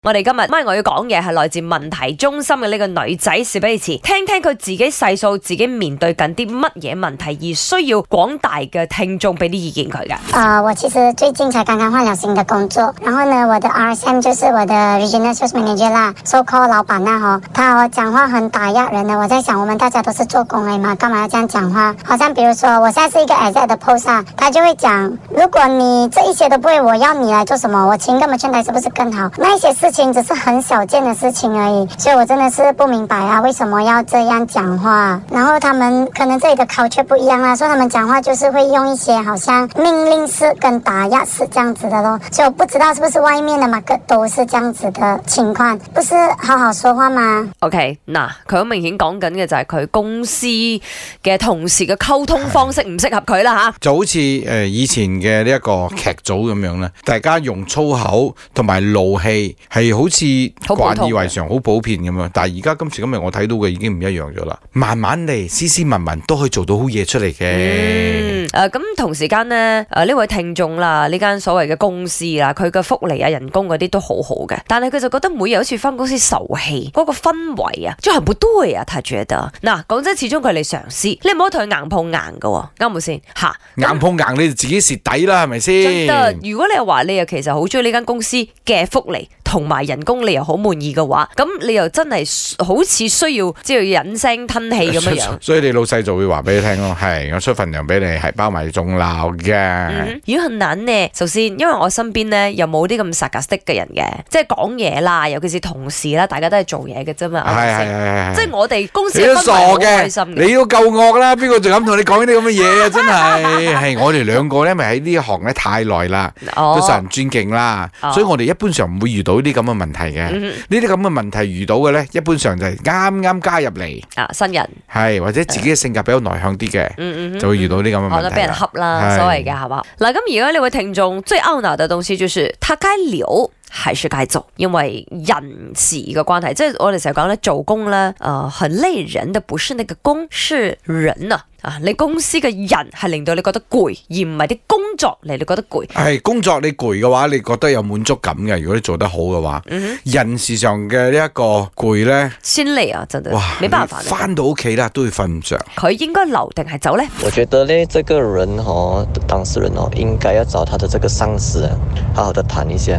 我哋今日，今日我要講嘅係來自問題中心嘅呢個女仔，史碧慈，聽聽佢自己細數自己面對緊啲乜嘢問題，而需要廣大嘅聽眾俾啲意見佢嘅。誒、呃，我其實最近才剛剛換了新的工作，然後呢，我的 RSM 就是我的 Regional Sales Manager 啦，o、so、call 老闆啦。哦，他哦講話很打壓人呢，我在想，我們大家都是做工嘅嘛，幹嘛要這樣講話？好像，比如說，我現在是一個 Asst. PO，他就會講，如果你這一些都不會，我要你來做什麼？我請個門前台，是不是更好？那一些事只是很少見的事情而已，所以我真的是不明白啊，為什麼要這樣講話？然後他們可能這裏的 culture 不一樣啦，所以他們講話就是會用一些好像命令式跟打壓式這樣子的咯。所以我不知道是不是外面的嘛，個都是這樣子的情況，不是好好說話嗎？OK，嗱，佢好明顯講緊嘅就係佢公司嘅同事嘅溝通方式唔適合佢啦吓，就好似誒以前嘅呢一個劇組咁樣啦， 大家用粗口同埋怒氣係好似習以為常，好普遍咁樣！但係而家今時今日我睇到嘅已經唔一樣咗啦。慢慢地，斯斯文文都可以做到好嘢出嚟嘅。誒、嗯、咁、呃嗯、同時間呢，誒、呃、呢位聽眾啦，呢間所謂嘅公司啦，佢嘅福利啊、人工嗰啲都好好嘅。但係佢就覺得每日好似返公司受氣，嗰、那個氛圍啊，啊覺得真係好攰啊！Ted，嗱講真，始終佢係嚟嘗試，你唔好同佢硬碰硬嘅、哦，啱唔啱先嚇？硬碰硬你就自己蝕底啦，係咪先？得。如果你又話你又其實好中意呢間公司嘅福利。同埋人工你又好滿意嘅話，咁你又真係好似需要即係忍聲吞氣咁樣樣，所以你老細就會話俾你聽咯，係 我出份糧俾你，係包埋仲鬧嘅。如果困難呢？首先因為我身邊咧又冇啲咁殺格式嘅人嘅，即係講嘢啦，尤其是同事啦，大家都係做嘢嘅啫嘛，係係係即係我哋、就是、公司都傻嘅，你都夠惡啦，邊個仲敢同你講啲咁嘅嘢啊？真係係 我哋兩個咧，咪喺呢一行咧太耐啦，都受人尊敬啦，oh. 所以我哋一般上唔會遇到。呢啲咁嘅問題嘅，呢啲咁嘅問題遇到嘅咧，一般上就係啱啱加入嚟啊，新人係或者自己嘅性格比較內向啲嘅，嗯嗯，就會遇到啲咁嘅問題，嗯嗯。好，好，好啦，俾人恰啦，所謂嘅係嘛？嗱，咁而家呢位聽眾最懊惱嘅東西就係 toxic。還是繼續，因為人事嘅關係。即係我哋成日講咧，做工咧，誒、呃，很累人嘅，不是那個工，是人啊。啊，你公司嘅人係令到你覺得攰，而唔係啲工作令你覺得攰。係工作你攰嘅、哎、話，你覺得有滿足感嘅。如果你做得好嘅話、嗯，人事上嘅呢一個攰咧，先嚟啊，真係哇，冇辦法翻到屋企啦，都會瞓唔着。佢應該留定係走咧？我覺得咧，這個人哦，當事人哦，應該要找他的這個上司，好好的談一下。